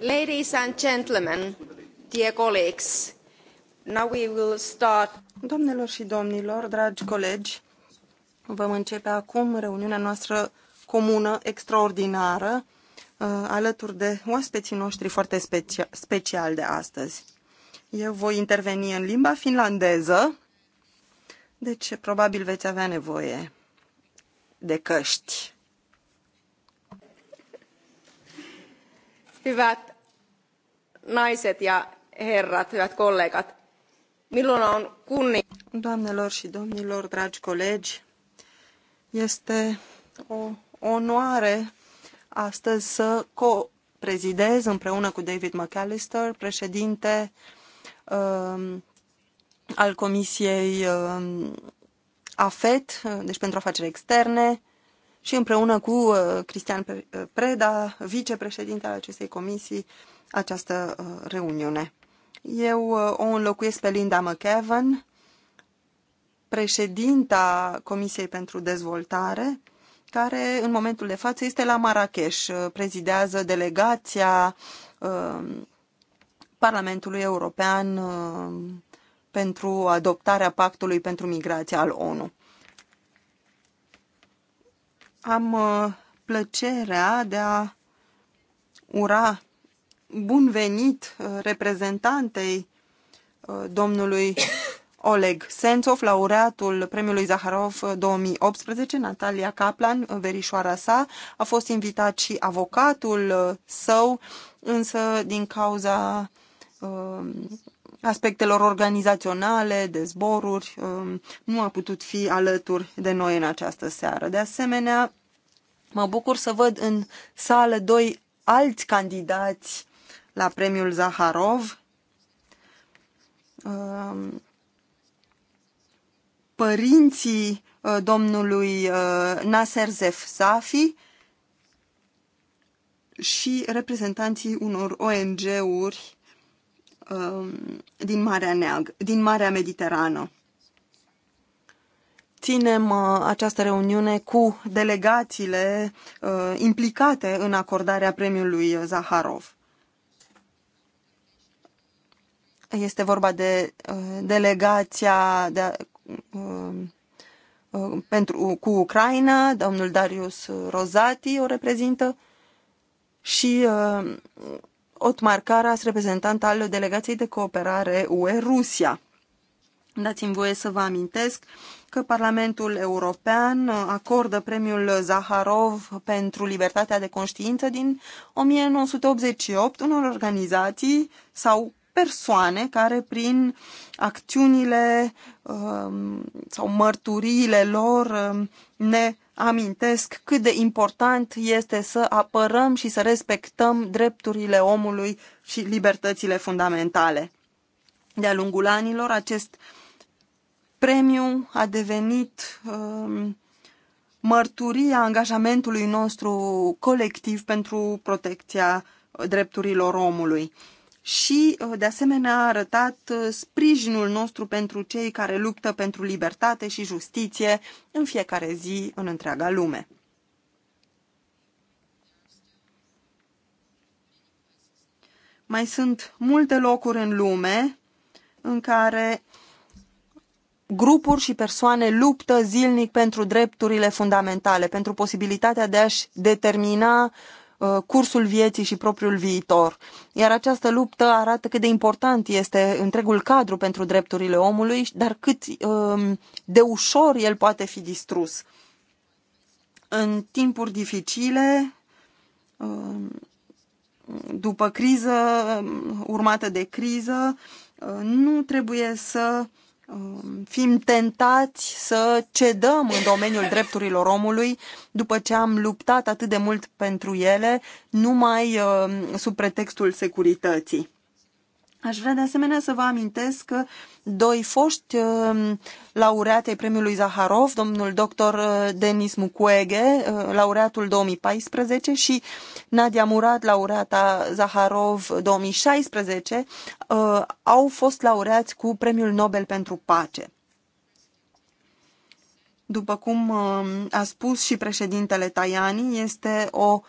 Ladies and gentlemen, dear colleagues, now we will start. Doamnelor și domnilor, dragi colegi, vom începe acum reuniunea noastră comună extraordinară uh, alături de oaspeții noștri foarte specia special de astăzi. Eu voi interveni în limba finlandeză, deci probabil veți avea nevoie de căști. Hyvät naiset ja herrat, hyvät kollegat, minulla on kunnia... Doamnelor și domnilor, dragi colegi, este o onoare astăzi să co-prezidez împreună cu David McAllister, președinte um, al Comisiei um, AFET, deci pentru afaceri externe, și împreună cu uh, Cristian Preda, vicepreședinte al acestei comisii, această uh, reuniune. Eu uh, o înlocuiesc pe Linda McEvan, președinta Comisiei pentru Dezvoltare, care în momentul de față este la Marrakesh, uh, prezidează delegația Parlamentului European pentru adoptarea Pactului pentru Migrație al ONU. Am plăcerea de a ura bun venit uh, reprezentantei uh, domnului Oleg Sentsov, laureatul premiului Zaharov 2018, uh, Natalia Kaplan, verișoara sa. A fost invitat și avocatul său, însă din cauza aspectelor organizaționale, de zboruri, nu a putut fi alături de noi în această seară. De asemenea, mă bucur să văd în sală doi alți candidați la premiul Zaharov. Um, părinții uh, domnului uh, Nasser Zef Safi și reprezentanții unor ONG-uri um, din Marea Neagră, din Marea Mediterană ținem uh, această reuniune cu delegațiile implicate în acordarea premiului Zaharov. Este vorba de uh, delegația de, uh, uh, pentru, cu Ucraina, domnul Darius Rozati o reprezintă și Otmar Caras, reprezentant al delegației de cooperare UE-Rusia. Dați-mi voie să vă amintesc că Parlamentul European acordă premiul Zaharov pentru libertatea de conștiință din 1988 unor organizații sau persoane care prin acțiunile um, sau mărturiile lor um, ne amintesc cât de important este să apărăm și să respectăm drepturile omului și libertățile fundamentale. De-a lungul anilor, acest premiu a devenit um, mărturia angajamentului nostru colectiv pentru protecția drepturilor omului și, uh, de asemenea, a arătat uh, sprijinul nostru pentru cei care luptă pentru libertate și justiție în fiecare zi în întreaga lume. Mai sunt multe locuri în lume în care grupuri și persoane luptă zilnic pentru drepturile fundamentale, pentru posibilitatea de a-și determina uh, Uh, cursul vieții și propriul viitor. Iar această luptă arată cât de important este întregul cadru pentru drepturile omului, dar cât um, de ușor el poate fi distrus. În timpuri dificile, um, după criză, um, urmată de criză, uh, nu trebuie să Um, fim tentați să cedăm în domeniul drepturilor omului după ce am luptat atât de mult pentru ele, numai um, sub pretextul securității. Aș vrea de asemenea să vă amintesc că doi foști uh, ai premiului Zaharov, domnul doctor uh, Denis Mukwege, uh, laureatul 2014 și Nadia Murad, laureata Zaharov 2016, au fost laureați cu premiul Nobel pentru pace. După cum a spus și președintele Tajani, este o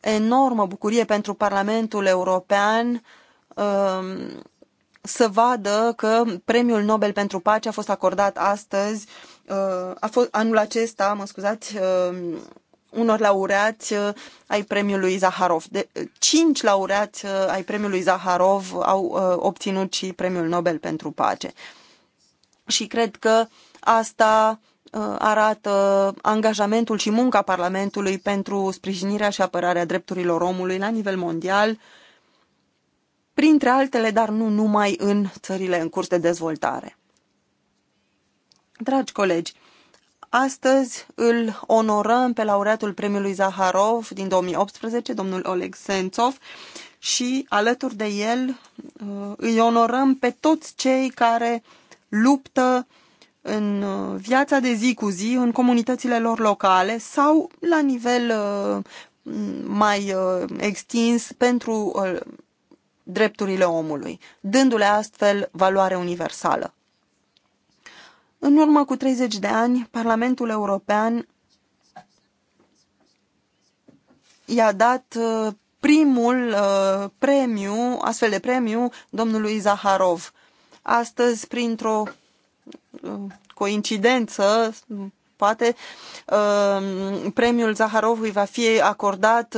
enormă bucurie pentru Parlamentul European Um, să vadă că premiul Nobel pentru pace a fost acordat astăzi, uh, a fost anul acesta, mă scuzați, um, unor laureați uh, ai premiului Zaharov. De, uh, cinci laureați ai premiului Zaharov au obținut și premiul Nobel pentru pace. Și cred că asta arată angajamentul și munca Parlamentului pentru sprijinirea și apărarea drepturilor omului la nivel mondial printre altele, dar nu numai în țările în curs de dezvoltare. Dragi colegi, astăzi îl onorăm pe laureatul premiului Zaharov din 2018, domnul Oleg Sentsov, și alături de el uh, îi onorăm pe toți cei care luptă în uh, viața de zi cu zi, în comunitățile lor locale sau la nivel uh, mai extins pentru drepturile omului, dându-le astfel valoare universală. În urmă cu 30 de ani, Parlamentul European i-a dat uh, primul uh, premiu, astfel de premiu, domnului Zaharov. Astăzi, printr-o uh, coincidență, poate, premiul Zaharov îi va fi acordat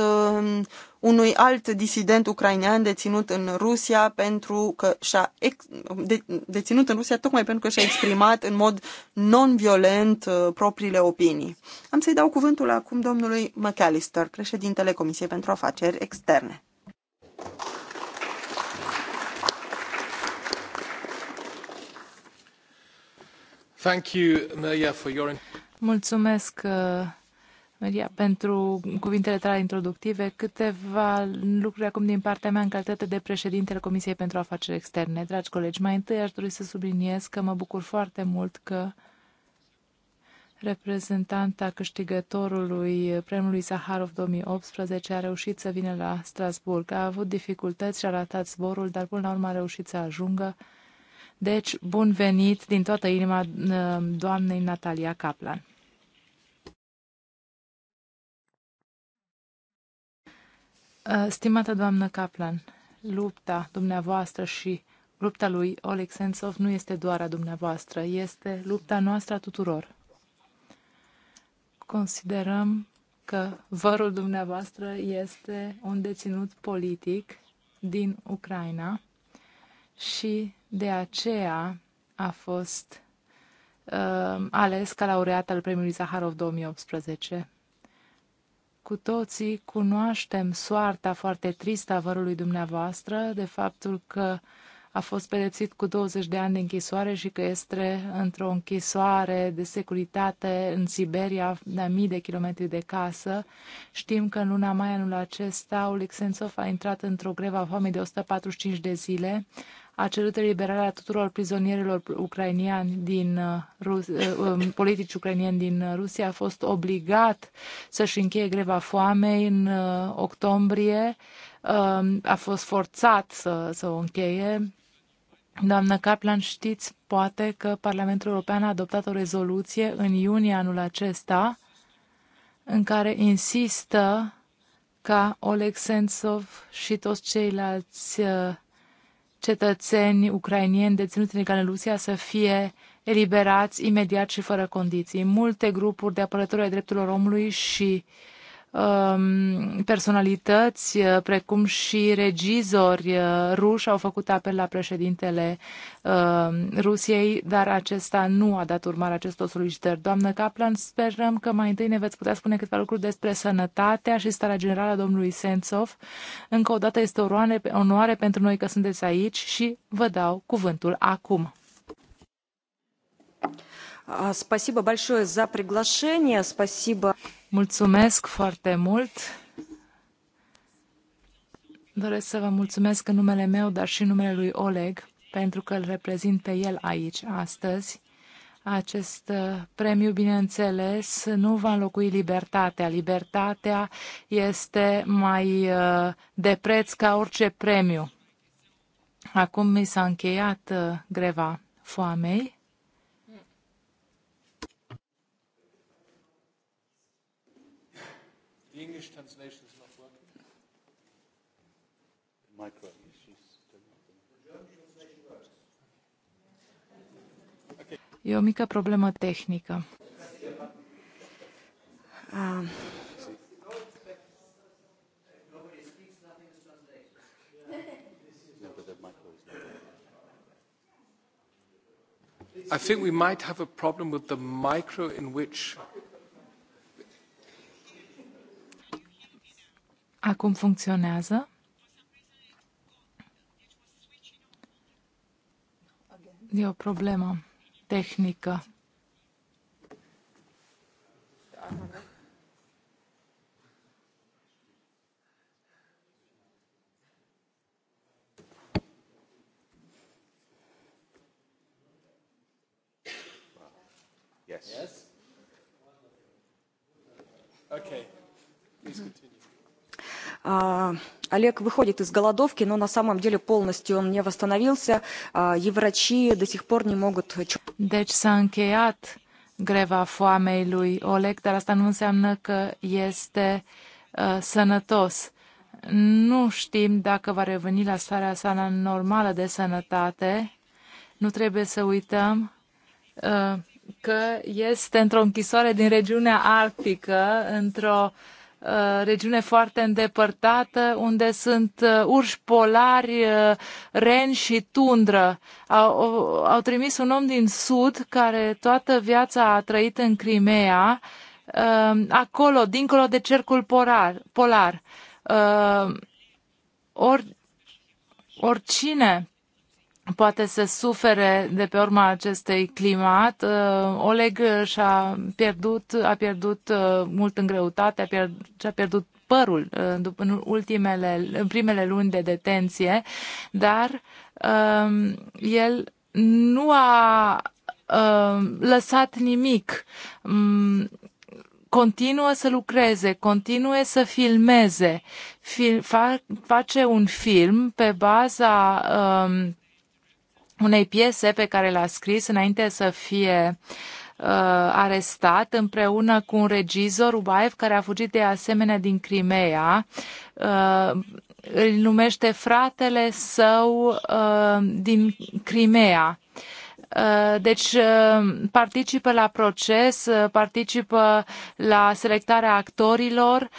unui alt disident ucrainean deținut în Rusia pentru că și-a ex- de- deținut în Rusia tocmai pentru că și-a exprimat în mod non-violent uh, propriile opinii. Am să-i dau cuvântul acum domnului McAllister, președintele Comisiei pentru Afaceri Externe. Thank you, Maria, for your... Mulțumesc uh, Maria, pentru cuvintele tale introductive. Câteva lucruri acum din partea mea în calitate de președintele Comisiei pentru Afaceri Externe. Dragi colegi, mai întâi aș dori să subliniez că mă bucur foarte mult că reprezentanta câștigătorului premiului Saharov 2018 a reușit să vină la Strasburg. A avut dificultăți și a ratat zborul, dar până la urmă a reușit să ajungă. Deci, bun venit din toată inima uh, doamnei Natalia Kaplan. Uh, stimată doamnă Kaplan, lupta dumneavoastră și lupta lui Oleg Sentsov nu este doar a dumneavoastră, este lupta noastră a tuturor. Considerăm că vărul dumneavoastră este un deținut politic din Ucraina și de aceea a fost uh, ales ca laureat al premiului Zaharov 2018. Cu toții cunoaștem soarta foarte tristă a vărului dumneavoastră, de faptul că a fost pedepsit cu 20 de ani de închisoare și că este într-o închisoare de securitate în Siberia, de mii de kilometri de casă. Știm că în luna mai anul acesta, Oleg Sentsov a intrat într-o greva foamei de 145 de zile, a cerut eliberarea tuturor prizonierilor ucrainieni din uh, Rus- uh, um, politici ucrainieni din Rusia, a fost obligat să-și încheie greva foamei în uh, octombrie, um, a fost forțat să, să o încheie. Doamnă Kaplan, știți poate că Parlamentul European a adoptat o rezoluție în iunie anul acesta în care insistă ca Oleg Sentsov și toți ceilalți uh, cetățeni ucrainieni deținuți în Rusia să fie eliberați imediat și fără condiții. Multe grupuri de apărători ai drepturilor omului și uh, Um, personalități uh, precum și regizori uh, ruși au făcut apel la președintele um, Rusiei, dar acesta nu a dat urmare acestor solicitări. Doamnă Kaplan, sperăm că mai întâi ne veți putea spune câteva lucruri despre sănătatea și starea generală a domnului Sentsov. Încă o dată este o onoare pentru noi că sunteți aici și vă dau cuvântul acum. Спасибо большое за приглашение. Спасибо. Mulțumesc foarte mult. Doresc să vă mulțumesc în numele meu, dar și în numele lui Oleg, pentru că îl reprezint pe el aici astăzi. Acest uh, premiu, bineînțeles, nu va înlocui libertatea. Libertatea este mai uh, de preț ca orice premiu. Acum mi s-a încheiat uh, greva foamei The English translation is not working. The micro issues. E o mică problemă tehnică. Uh. I think we might have a problem with the micro in which Acum funcționează. E o problemă tehnică. Yes. Okay. Please continue. Олег выходит из голодовки, но на самом деле полностью он не восстановился. И врачи до сих пор не могут... Deci s-a încheiat greva foamei lui Oleg, dar asta nu înseamnă că este uh, sănătos. Nu știm dacă va reveni la starea sa normală de sănătate. Nu trebuie să uităm uh, că este într-o închisoare din regiunea arctică, într-o uh, Uh, regiune foarte îndepărtată, unde sunt uh, urși polari, uh, ren și tundră. Au, au trimis un om din sud care toată viața a trăit în Crimea, acolo, dincolo de cercul polar. polar. Or, oricine poate să sufere de pe urma acestei climat. Uh, Oleg și-a pierdut, a pierdut uh, mult în greutate, a pierdut, și-a pierdut părul uh, în ultimele, în primele luni de detenție, dar um, el nu a um, lăsat nimic. Mm, continuă să lucreze, continuă să filmeze, Fil, fa, face un film pe baza um, unei piese pe care l-a scris înainte să fie uh, arestat împreună cu un regizor, Ubaev, care a fugit de asemenea din Crimea. Uh, îl numește fratele său uh, din Crimea. Uh, deci uh, participă la proces, uh, participă la selectarea actorilor,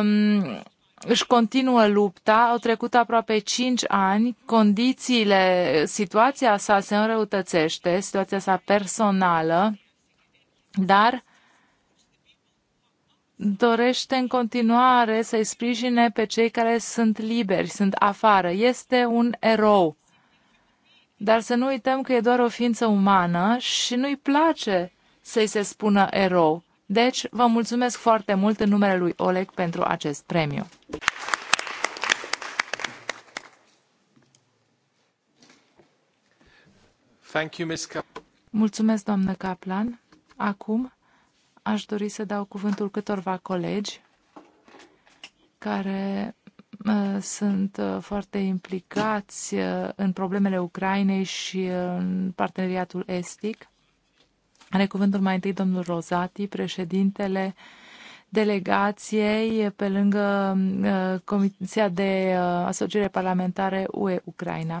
um, își continuă lupta, au trecut aproape 5 ani, condițiile, situația sa se înrăutățește, situația sa personală, dar dorește în continuare să-i sprijine pe cei care sunt liberi, sunt afară. Este un erou. Dar să nu uităm că e doar o ființă umană și nu-i place să-i se spună erou. Deci, vă mulțumesc foarte mult în numele lui Oleg pentru acest premiu. Thank you, Ms. Mulțumesc, doamnă Kaplan. Acum aș dori să dau cuvântul câtorva colegi care sunt uh, foarte implicați uh, în problemele Ucrainei și uh, în parteneriatul estic. Are cuvântul mai întâi domnul Rozati, președintele delegației pe lângă uh, Comisia de uh, Asociere Parlamentare UE-Ucraina.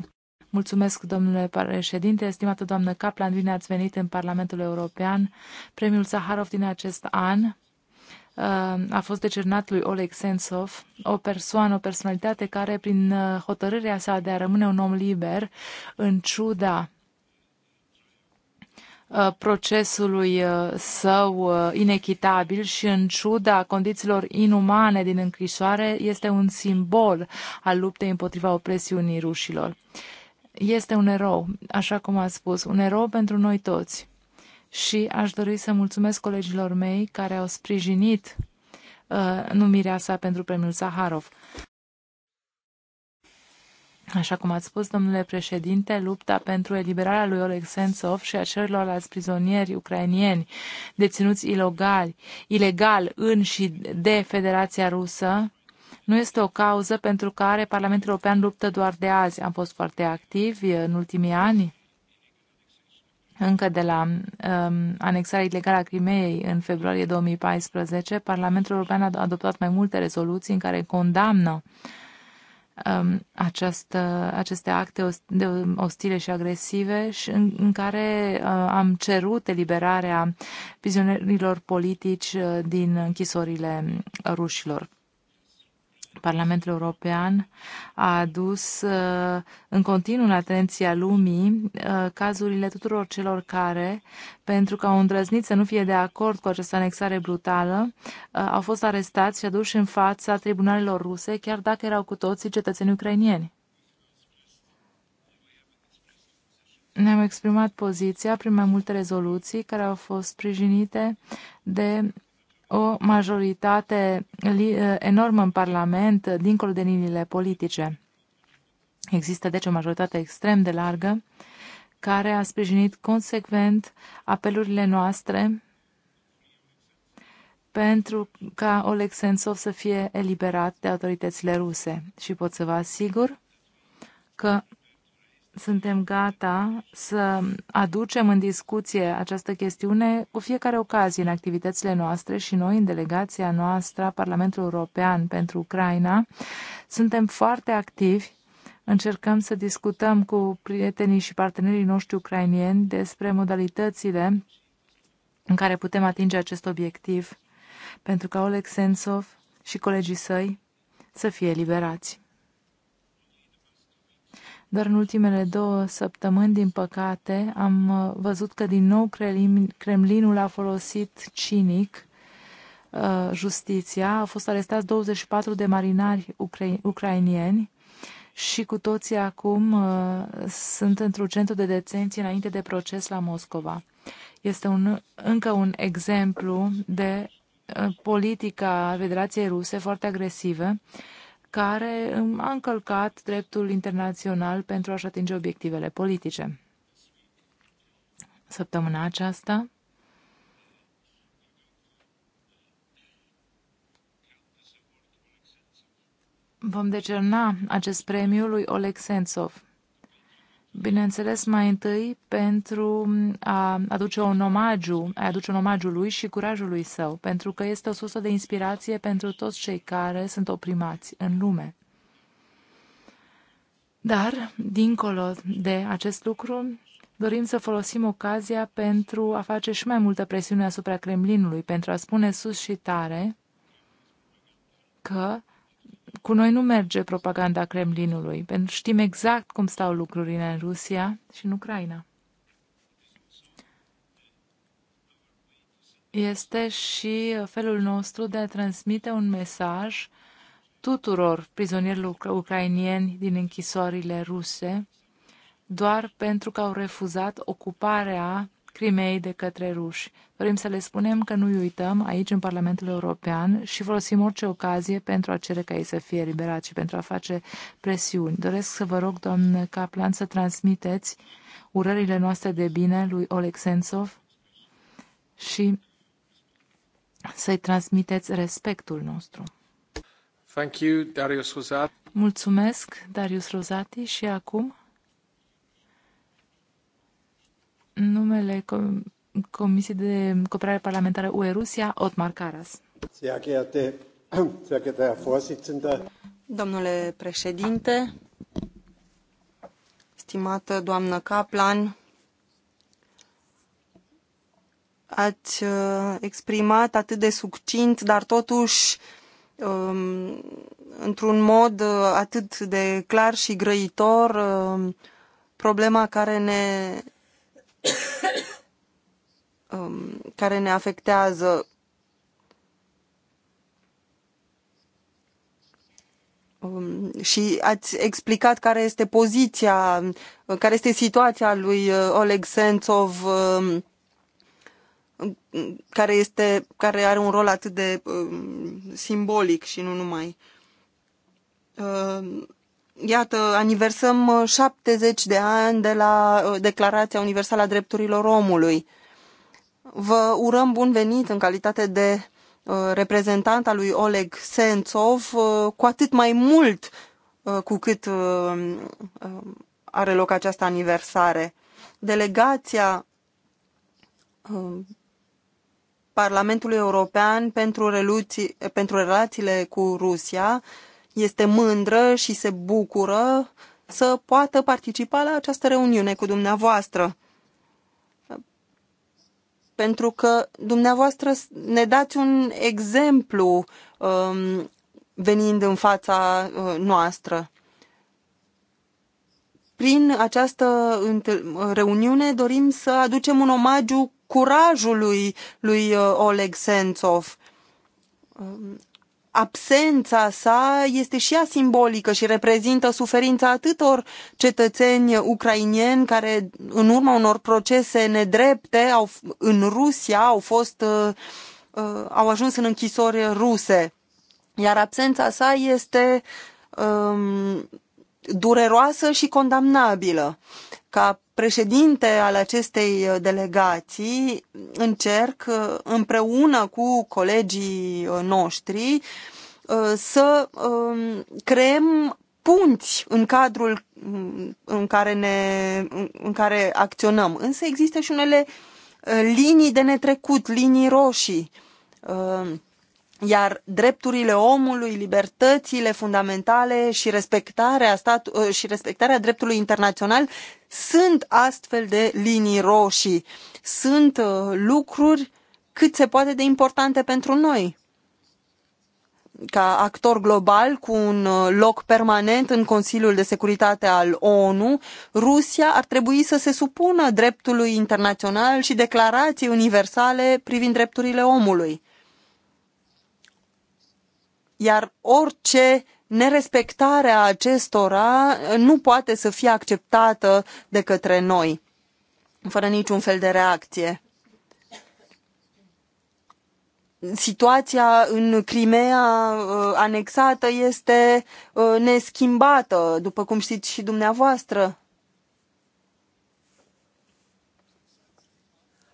Mulțumesc, domnule președinte, estimată doamnă Kaplan, bine ați venit în Parlamentul European. Premiul Saharov din acest an uh, a fost decernat lui Oleg Sensov, o persoană, o personalitate care, prin hotărârea sa de a rămâne un om liber, în ciuda Uh, procesului uh, său uh, inechitabil și în ciuda condițiilor inumane din închisoare este un simbol al luptei împotriva opresiunii rușilor. Este un erou, așa cum a spus, un erou pentru noi toți. Și aș dori să mulțumesc colegilor mei care au sprijinit uh, numirea sa pentru premiul Saharov. Așa cum ați spus, domnule președinte, lupta pentru eliberarea lui Oleg Sentsov și a celorlalți prizonieri ucrainieni deținuți ilegal, ilegal în și de Federația Rusă nu este o cauză pentru care Parlamentul European luptă doar de azi. Am fost foarte activi în ultimii ani, încă de la um, anexarea ilegală a Crimeei în februarie 2014. Parlamentul European a adoptat mai multe rezoluții în care condamnă uh, Um, această, aceste acte ostile și agresive și în, în care uh, am cerut eliberarea prizonierilor politici uh, din închisorile rușilor. Parlamentul European a adus uh, în continuu în atenția lumii uh, cazurile tuturor celor care, pentru că au îndrăznit să nu fie de acord cu această anexare brutală, uh, au fost arestați și aduși în fața tribunalelor ruse, chiar dacă erau cu toții cetățeni ucrainieni. Ne-am exprimat poziția prin mai multe rezoluții care au fost sprijinite de o majoritate eh, enormă în Parlament, eh, dincolo de liniile politice. Există deci o majoritate extrem de largă care a sprijinit consecvent apelurile noastre pentru ca Oleg Sentsov să fie eliberat de autoritățile ruse. Și pot să vă asigur că suntem gata să aducem în discuție această chestiune cu fiecare ocazie în activitățile noastre și noi, în delegația noastră Parlamentul European pentru Ucraina, suntem foarte activi. Încercăm să discutăm cu prietenii și partenerii noștri ucrainieni despre modalitățile în care putem atinge acest obiectiv pentru ca Oleg Sensov și colegii săi să fie eliberați dar în ultimele două săptămâni, din păcate, am uh, văzut că din nou Kremlinul a folosit cinic uh, justiția. Au fost arestați 24 de marinari ucrainieni și cu toții acum uh, sunt într-un centru de detenție înainte de proces la Moscova. Este un, încă un exemplu de uh, politica Federației Ruse foarte agresivă care a încălcat dreptul internațional pentru a-și atinge obiectivele politice. Săptămâna aceasta, vom decerna acest premiu lui Oleg Sentsov bineînțeles, mai întâi pentru a aduce un omagiu, a aduce un omagiu lui și curajului său, pentru că este o sursă de inspirație pentru toți cei care sunt oprimați în lume. Dar, dincolo de acest lucru, dorim să folosim ocazia pentru a face și mai multă presiune asupra Kremlinului, pentru a spune sus și tare că cu noi nu merge propaganda Kremlinului, pentru că știm exact cum stau lucrurile în Rusia și în Ucraina. Este și felul nostru de a transmite un mesaj tuturor prizonierilor ucrainieni din închisorile ruse, doar pentru că au refuzat ocuparea Crimei de către ruși. Dorim să le spunem că nu uităm aici în Parlamentul European și folosim orice ocazie pentru a cere ca ei să fie eliberați și pentru a face presiuni. Doresc să vă rog, doamnă Caplan, să transmiteți urările noastre de bine lui Oleg Sensov și să-i transmiteți respectul nostru. Thank you, Darius Mulțumesc, Darius Rosati. și acum numele Com Comisiei de Cooperare Parlamentară UE-Rusia, Otmar Caras. Domnule președinte, stimată doamnă Kaplan, ați uh, exprimat atât de succint, dar totuși um, într-un mod uh, atât de clar și grăitor uh, problema care ne Um, care ne afectează um, și ați explicat care este poziția, care este situația lui uh, Oleg Sentsov, um, care, este, care are un rol atât de simbolic și nu numai. Iată, aniversăm 70 uh, de ani de la uh, Declarația Universală a Drepturilor Omului. Vă urăm bun venit în calitate de uh, reprezentant al lui Oleg Sentsov, cu atât mai mult cu cât are loc această aniversare. Delegația Parlamentului European pentru, reluții, pentru relațiile cu Rusia este mândră și se bucură să poată participa la această reuniune cu dumneavoastră. Pentru că dumneavoastră ne dați un exemplu um, venind în fața uh, noastră. Prin această reuniune dorim să aducem un omagiu curajului lui uh, Oleg Sentsov. Um, absența sa este și ea simbolică și reprezintă suferința atâtor cetățeni ucrainieni care în urma unor procese nedrepte au, în Rusia au fost uh, uh, au ajuns în închisori ruse. Iar absența sa este um, dureroasă și condamnabilă. Ca președinte al acestei uh, delegații, încerc uh, împreună cu colegii uh, noștri să um, creăm punți în cadrul mm, în care, ne, în care acționăm. Însă există și unele linii de netrecut, linii roșii iar drepturile omului, libertățile fundamentale și respectarea, stat, uh, și respectarea dreptului internațional sunt astfel de linii roșii. Sunt uh, lucruri cât se poate de importante pentru noi. Ca actor global cu un uh, loc permanent în Consiliul de Securitate al ONU, Rusia ar trebui să se supună dreptului internațional și declarației universale privind drepturile omului iar orice nerespectare a acestora nu poate să fie acceptată de către noi, fără niciun fel de reacție. Situația în Crimea uh, anexată este uh, neschimbată, după cum știți și dumneavoastră.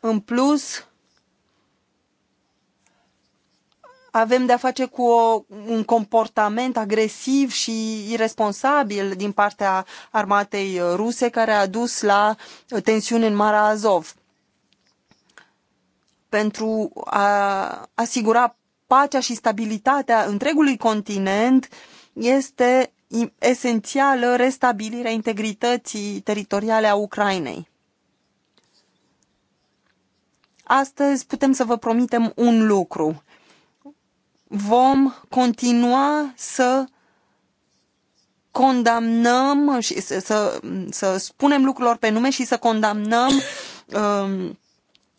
În plus, avem de-a face cu o, un comportament agresiv și irresponsabil din partea armatei ruse care a dus la tensiuni în Marea Azov. Pentru a asigura pacea și stabilitatea întregului continent este esențială restabilirea integrității teritoriale a Ucrainei. Astăzi putem să vă promitem un lucru vom continua să condamnăm și să, să, să spunem lucrurilor pe nume și să condamnăm um,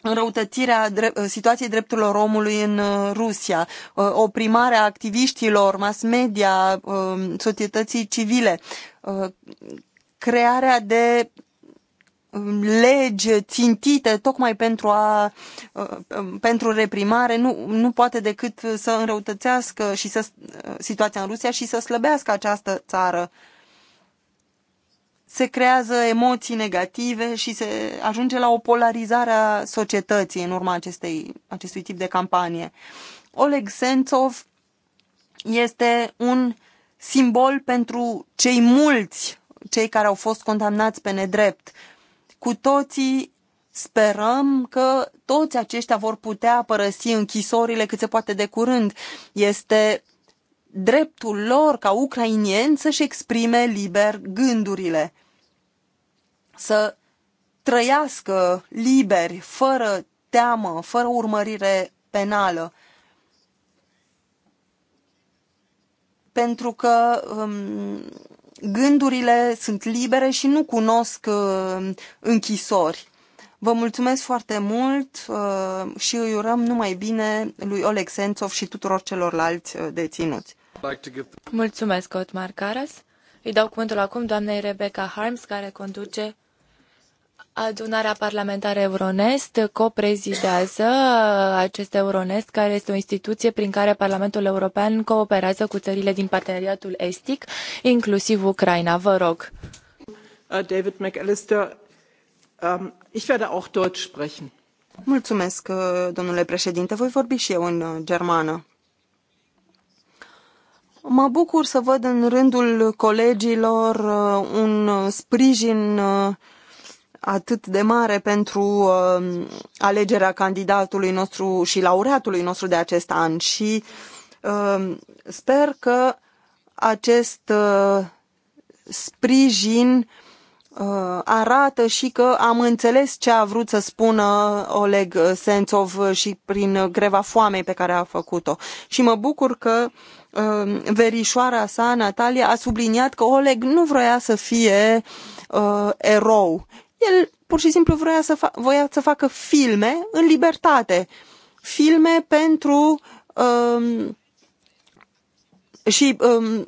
înrăutățirea dre- situației drepturilor omului în uh, Rusia, uh, oprimarea activiștilor, mass media, um, societății civile, uh, crearea de legi țintite tocmai pentru, a, uh, um, pentru reprimare nu, nu poate decât să înrăutățească și să, uh, situația în Rusia și să slăbească această țară. Se creează emoții negative și se ajunge la o polarizare a societății în urma acestei, acestui tip de campanie. Oleg Sentsov este un simbol pentru cei mulți, cei care au fost condamnați pe nedrept cu toții sperăm că toți aceștia vor putea părăsi închisorile cât se poate de curând. Este dreptul lor ca ucrainieni să-și exprime liber gândurile, să trăiască liberi, fără teamă, fără urmărire penală. Pentru că um, gândurile sunt libere și nu cunosc uh, închisori. Vă mulțumesc foarte mult uh, și îi urăm numai bine lui Oleg Sentsov și tuturor celorlalți uh, deținuți. Mulțumesc, Otmar Caras. Îi dau cuvântul acum doamnei Rebecca Harms, care conduce Adunarea parlamentară Euronest coprezidează acest Euronest, care este o instituție prin care Parlamentul European cooperează cu țările din parteneriatul estic, inclusiv Ucraina. Vă rog. Uh, David McAllister, um, ich werde auch Deutsch sprechen. Mulțumesc, uh, domnule președinte. Voi vorbi și eu în uh, germană. Mă bucur să văd în rândul colegilor un sprijin atât de mare pentru um, alegerea candidatului nostru și laureatului nostru de acest an și um, sper că acest uh, sprijin uh, arată și că am înțeles ce a vrut să spună Oleg Sentsov și prin greva foamei pe care a făcut-o. Și mă bucur că um, verișoara sa, Natalia, a subliniat că Oleg nu vroia să fie uh, erou el pur și simplu voia să, fa- voia să facă filme în libertate. Filme pentru um, și um,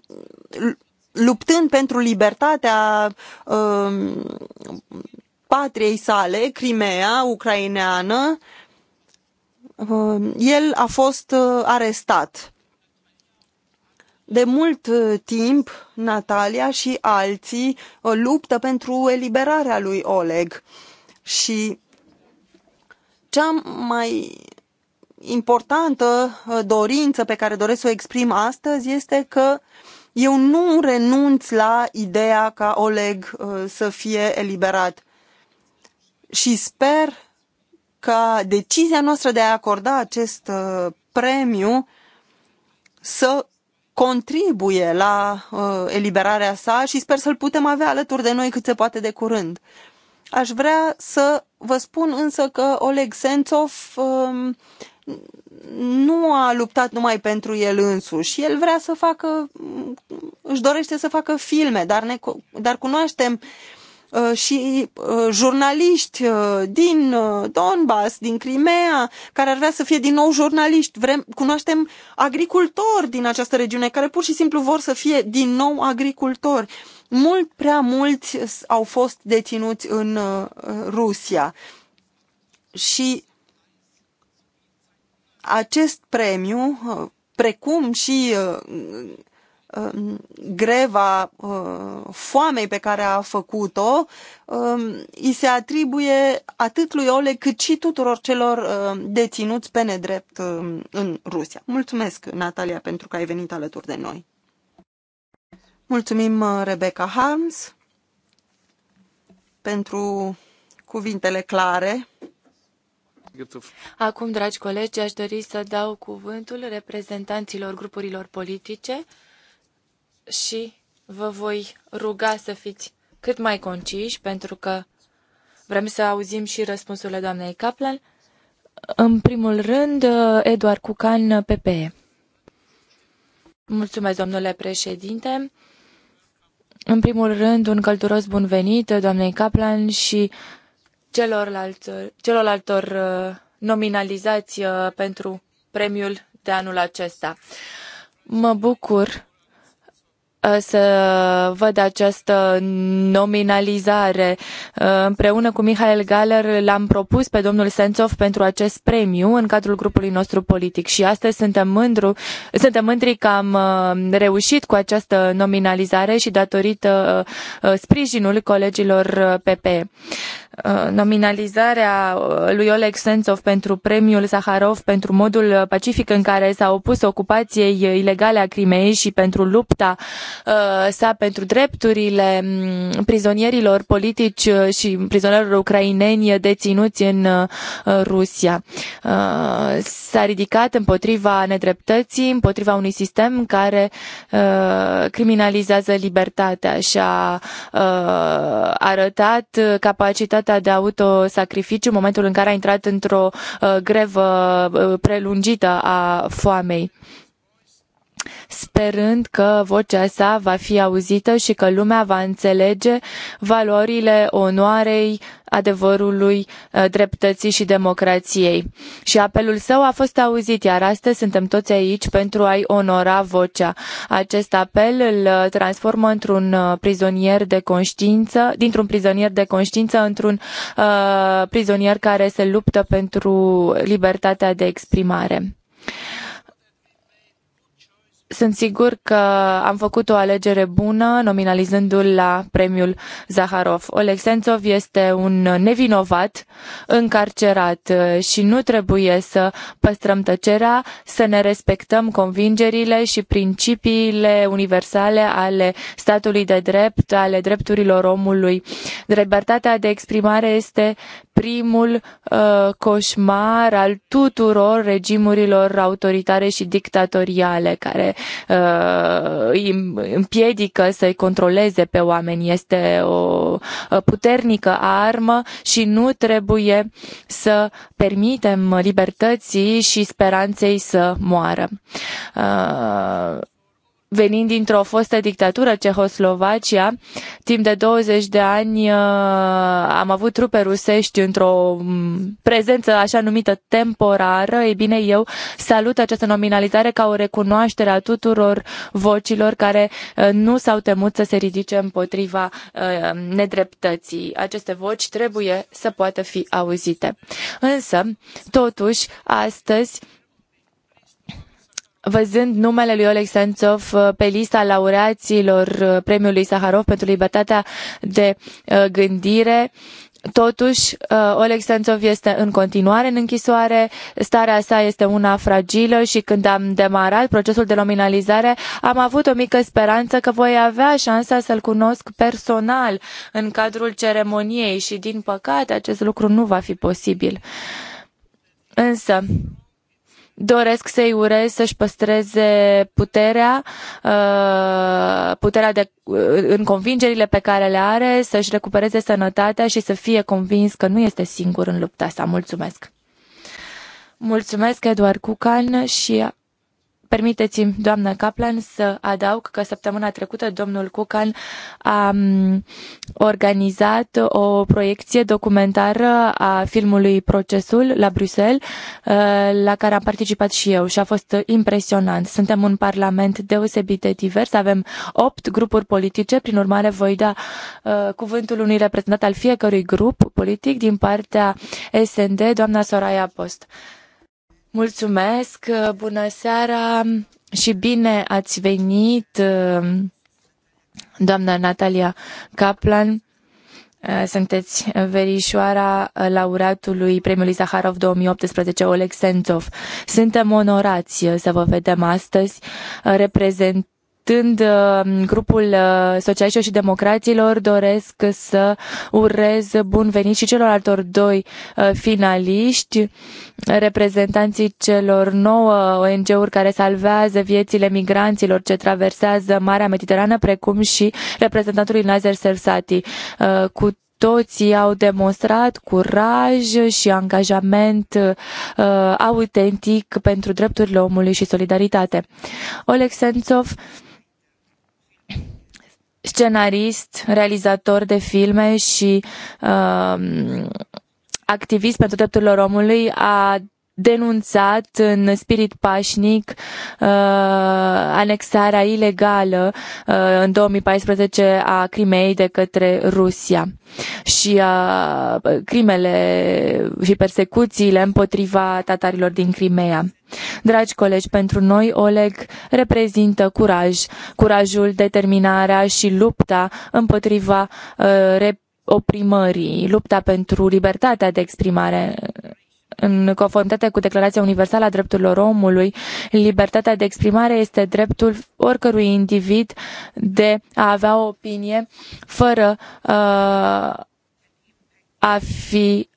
luptând pentru libertatea um, patriei sale, Crimea, ucraineană, um, el a fost uh, arestat de mult uh, timp, Natalia și alții uh, luptă pentru eliberarea lui Oleg. Și cea mai importantă uh, dorință pe care doresc să o exprim astăzi este că eu nu renunț la ideea ca Oleg să fie eliberat. Și sper ca decizia noastră de a acorda acest premiu să contribuie la uh, eliberarea sa și sper să-l putem avea alături de noi cât se poate de curând. Aș vrea să vă spun însă că Oleg Sentsov uh, um, nu a luptat numai pentru el însuși. El vrea să facă, își dorește să facă filme, dar, ne, dar cunoaștem uh, Uh, și uh, jurnaliști uh, din Donbass, din Crimea, care ar vrea să fie din nou jurnaliști. Vrem, cunoaștem agricultori din această regiune care pur și simplu vor să fie din nou agricultori. Mult prea mulți au fost deținuți în Rusia. Și acest premiu, precum și Uh, greva uh, foamei pe care a făcut-o îi um, se atribuie atât lui Ole cât și tuturor celor uh, deținuți pe nedrept um, în Rusia. Mulțumesc, Natalia, pentru că ai venit alături de noi. Mulțumim, Rebecca Harms, pentru cuvintele clare. Acum, dragi colegi, aș dori să dau cuvântul reprezentanților grupurilor politice și vă voi ruga să fiți cât mai conciși, pentru că vrem să auzim și răspunsurile doamnei Kaplan. În primul rând, uh, Eduard Cucan, uh, PPE. Mulțumesc, domnule președinte. În primul rând, un călduros bun venit uh, doamnei Kaplan și celorlalți, celorlaltor nominalizați pentru premiul de anul acesta. Mă bucur Uh, să văd această nominalizare. Uh, împreună cu Mihail Galer l-am propus pe domnul Sențov pentru acest premiu în cadrul grupului nostru politic și astăzi suntem, mândru, suntem mândri că am uh, reușit cu această nominalizare și datorită sprijinului colegilor PP. Uh, nominalizarea uh, lui Oleg Sentsov pentru premiul Saharov pentru modul uh, pacific în care s-a opus ocupației ilegale a Crimeei și pentru lupta sa pentru drepturile mm, prizonierilor politici și prizonierilor ucraineni deținuți în Rusia. S-a ridicat împotriva nedreptății, împotriva unui sistem care criminalizează libertatea și a arătat capacitatea capacitatea de autosacrificiu în momentul în care a intrat într-o uh, grevă uh, prelungită a foamei sperând că vocea sa va fi auzită și că lumea va înțelege valorile onoarei, adevărului, uh, dreptății și democrației. Și apelul său a fost auzit, iar astăzi suntem toți aici pentru a-i onora vocea. Acest apel îl uh, transformă într-un uh, prizonier de conștiință, dintr-un prizonier de conștiință într-un uh, prizonier care se luptă pentru libertatea de exprimare. Sunt sigur că am făcut o alegere bună nominalizându-l la premiul Zaharov. Oleg Sentsov este un nevinovat, încarcerat uh, și nu trebuie să păstrăm tăcerea, să ne respectăm convingerile și principiile universale ale statului de drept, ale drepturilor omului. Libertatea de exprimare este primul uh, coșmar al tuturor regimurilor autoritare și dictatoriale care Uh, îi împiedică să-i controleze pe oameni. Este o uh, puternică armă și nu trebuie să permitem libertății și speranței să moară. Uh, venind dintr-o fostă dictatură, Cehoslovacia, timp de 20 de ani uh, am avut trupe rusești într-o mm, prezență așa numită temporară. Ei bine, eu salut această nominalizare ca o recunoaștere a tuturor vocilor care uh, nu s-au temut să se ridice împotriva uh, nedreptății. Aceste voci trebuie să poată fi auzite. Însă, totuși, astăzi, văzând numele lui Oleg Sentsov uh, pe lista laureaților uh, premiului Saharov pentru libertatea de uh, gândire, Totuși, Oleg Sentsov este în continuare în închisoare, starea sa este una fragilă și când am demarat procesul de nominalizare, am avut o mică speranță că voi avea șansa să-l cunosc personal în cadrul ceremoniei și, din păcate, acest lucru nu va fi posibil. Însă, doresc să-i urez să-și păstreze puterea, uh, puterea de, uh, în convingerile pe care le are, să-și recupereze sănătatea și să fie convins că nu este singur în lupta asta. Mulțumesc! Mulțumesc, Eduard Cucan, și Permiteți-mi, doamnă Kaplan, să adaug că săptămâna trecută domnul Cucan a mm, organizat o proiecție documentară a filmului Procesul la Bruxelles, ă, la care am participat și eu și a fost impresionant. Suntem un parlament deosebit de divers, avem opt grupuri politice, prin urmare voi da ă, cuvântul unui reprezentant al fiecărui grup politic din partea SND, doamna Soraya Post. Mulțumesc, uh, bună seara și bine ați venit, uh, doamna Natalia Kaplan. Uh, sunteți verișoara laureatului Premiului Zaharov 2018, Oleg Sentsov. Suntem onorați să vă vedem astăzi reprezent Tând, uh, grupul uh, Socialiștilor și Democraților doresc să urez bun venit și celorlaltor doi uh, finaliști, reprezentanții celor nouă ONG-uri care salvează viețile migranților ce traversează Marea Mediterană, precum și reprezentantului Nazer Sersati. Cu toții au demonstrat curaj și angajament uh, autentic pentru drepturile omului și solidaritate. Oleg Sentsov scenarist, realizator de filme și uh, activist pentru drepturile omului, a denunțat în spirit pașnic uh, anexarea ilegală uh, în 2014 a Crimeei de către Rusia și uh, crimele și persecuțiile împotriva tatarilor din Crimea. Dragi colegi, pentru noi Oleg reprezintă curaj, curajul, determinarea și lupta împotriva uh, oprimării, lupta pentru libertatea de exprimare în conformitate cu Declarația Universală a Drepturilor Omului, libertatea de exprimare este dreptul oricărui individ de a avea o opinie fără uh, a fi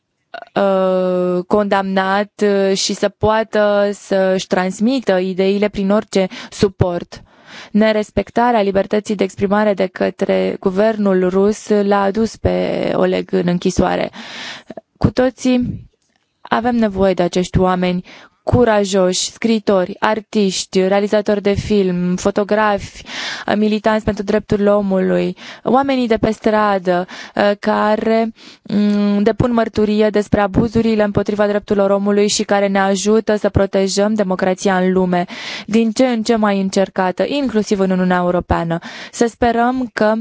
uh, condamnat și să poată să-și transmită ideile prin orice suport. Nerespectarea libertății de exprimare de către guvernul rus l-a adus pe Oleg în închisoare. Cu toții avem nevoie de acești oameni curajoși, scritori, artiști, realizatori de film, fotografi, Uh, militanți pentru drepturile omului, oamenii de pe stradă uh, care mm, depun mărturie despre abuzurile împotriva drepturilor omului și care ne ajută să protejăm democrația în lume, din ce în ce mai încercată, inclusiv în Uniunea Europeană. Să sperăm că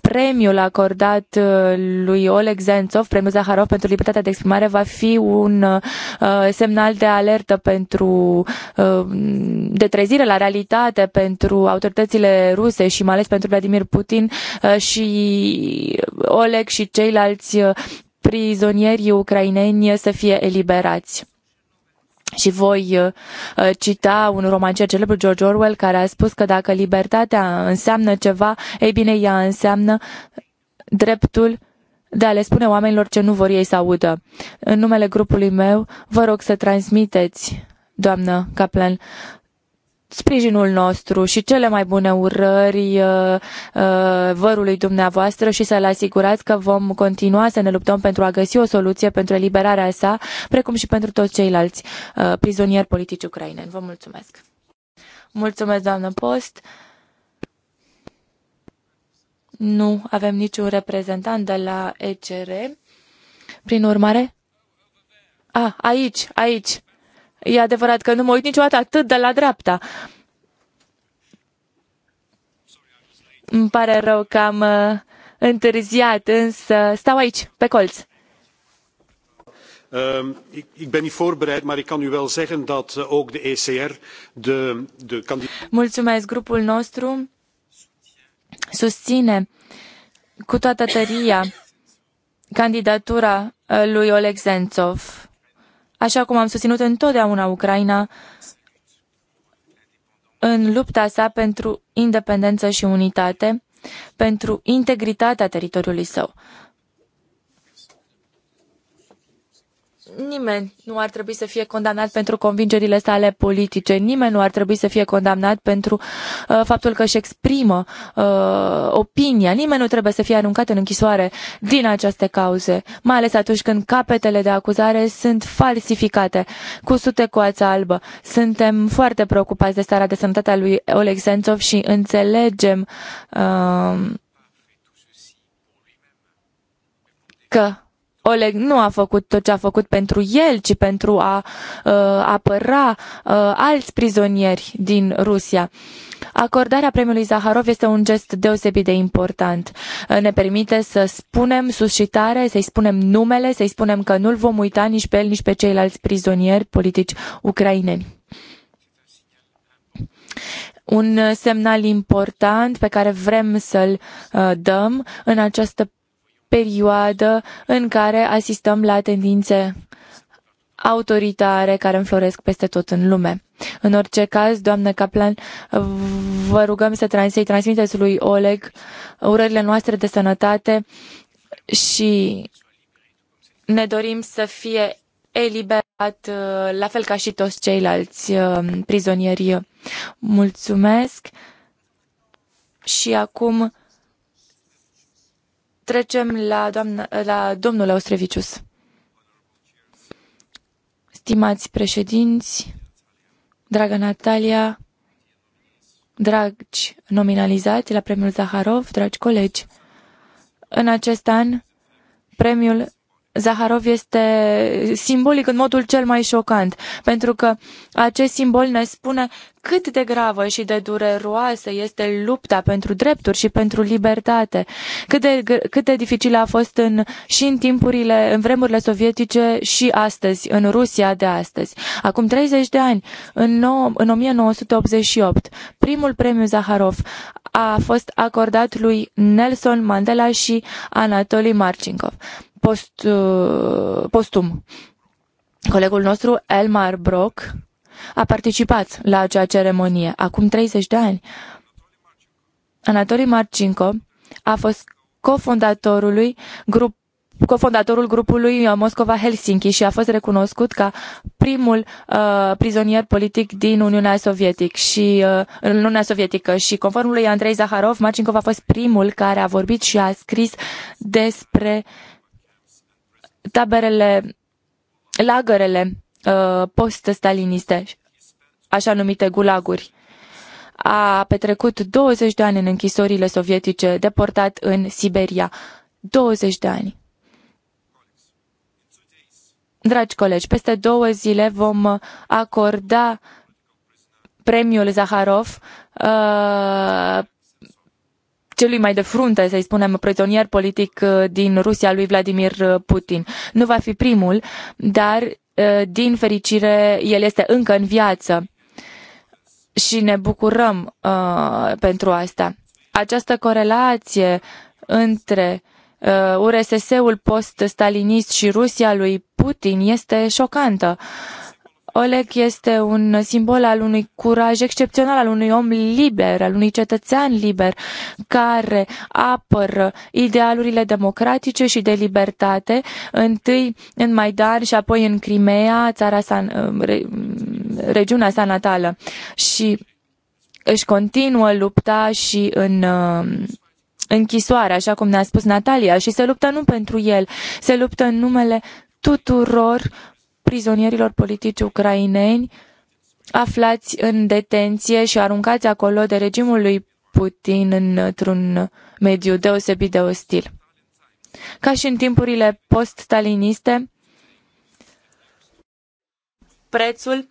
premiul acordat uh, lui Oleg Zentov, premiul Zaharov pentru libertatea de exprimare, va fi un semnal de alertă pentru de trezire la realitate pentru autoritățile ruse ruse și mai ales pentru Vladimir Putin uh, și Oleg și ceilalți uh, prizonieri ucraineni să fie eliberați. Și voi uh, cita un romancier celebru, George Orwell, care a spus că dacă libertatea înseamnă ceva, ei bine, ea înseamnă dreptul de a le spune oamenilor ce nu vor ei să audă. În numele grupului meu, vă rog să transmiteți, doamnă Kaplan, sprijinul nostru și cele mai bune urări uh, uh, vărului dumneavoastră și să-l asigurați că vom continua să ne luptăm pentru a găsi o soluție pentru eliberarea sa, precum și pentru toți ceilalți uh, prizonieri politici ucraineni. Vă mulțumesc! Mulțumesc, doamnă Post! Nu avem niciun reprezentant de la ECR. Prin urmare? A, ah, aici, aici. E adevărat că nu mă uit niciodată atât de la dreapta. Îmi pare rău că am uh, întârziat, însă stau aici, pe colț. Ehm, eh, Mulțumesc, grupul nostru susține cu toată tăria candidatura eh, lui Oleg Sentsov. Așa cum am susținut întotdeauna Ucraina în lupta sa pentru independență și unitate, pentru integritatea teritoriului său. Nimeni nu ar trebui să fie condamnat pentru convingerile sale politice, nimeni nu ar trebui să fie condamnat pentru uh, faptul că își exprimă uh, opinia, nimeni nu trebuie să fie aruncat în închisoare din aceste cauze, mai ales atunci când capetele de acuzare sunt falsificate cu sute coața albă. Suntem foarte preocupați de starea de sănătate a lui Oleg Sentsov și înțelegem uh, că Oleg nu a făcut tot ce a făcut pentru el, ci pentru a uh, apăra uh, alți prizonieri din Rusia. Acordarea premiului Zaharov este un gest deosebit de important. Ă, ne permite să spunem suscitare, să-i spunem numele, să-i spunem că nu-l vom uita nici pe el, nici pe ceilalți prizonieri politici ucraineni un semnal important pe care vrem să-l dăm în această perioadă în care asistăm la tendințe autoritare care înfloresc peste tot în lume. În orice caz, doamnă Kaplan, vă rugăm să trans- să transmiteți lui Oleg urările noastre de sănătate și ne dorim să fie eliberat, la fel ca și toți ceilalți prizonieri. Mulțumesc! Și acum Trecem la, doamna, la domnul Austrevicius. Stimați președinți, dragă Natalia, dragi nominalizați la premiul Zaharov, dragi colegi, în acest an premiul Zaharov este simbolic în modul cel mai șocant, pentru că acest simbol ne spune cât de gravă și de dureroasă este lupta pentru drepturi și pentru libertate, cât de, cât de dificilă a fost în, și în timpurile, în vremurile sovietice și astăzi, în Rusia de astăzi. Acum 30 de ani, în, nou, în 1988, primul premiu Zaharov a fost acordat lui Nelson Mandela și Anatoli Marcinkov, post, uh, postum. Colegul nostru, Elmar Brock, a participat la acea ceremonie acum 30 de ani. Anatoli Marcinko a fost cofondatorului grup cofondatorul grupului uh, Moscova-Helsinki și a fost recunoscut ca primul uh, prizonier politic din Uniunea Sovietică și uh, în Uniunea Sovietică și conform lui Andrei Zaharov, Marcinkov a fost primul care a vorbit și a scris despre taberele, lagărele uh, post-staliniste, așa numite gulaguri a petrecut 20 de ani în închisorile sovietice, deportat în Siberia. 20 de ani. Dragi colegi, peste două zile vom uh, acorda premiul Zaharov uh, celui mai de frunte, să-i spunem, prizonier politic uh, din Rusia, lui Vladimir uh, Putin. Nu va fi primul, dar din fericire el este încă în viață și ne bucurăm uh, pentru asta. Această corelație între uh, URSS-ul uh, post-stalinist și Rusia lui Putin este șocantă. Oleg este un simbol al unui curaj excepțional, al unui om liber, al unui cetățean liber, care apără idealurile democratice și de libertate, întâi în Maidan și apoi în Crimea, țara sa, uh, regiunea sa natală. Și își continuă lupta și în uh, închisoare, așa cum ne-a spus Natalia, și se luptă nu pentru el, se luptă în numele tuturor prizonierilor politici ucraineni aflați în detenție și aruncați acolo de regimul lui Putin într-un mediu deosebit de ostil. Ca și în timpurile post-staliniste, prețul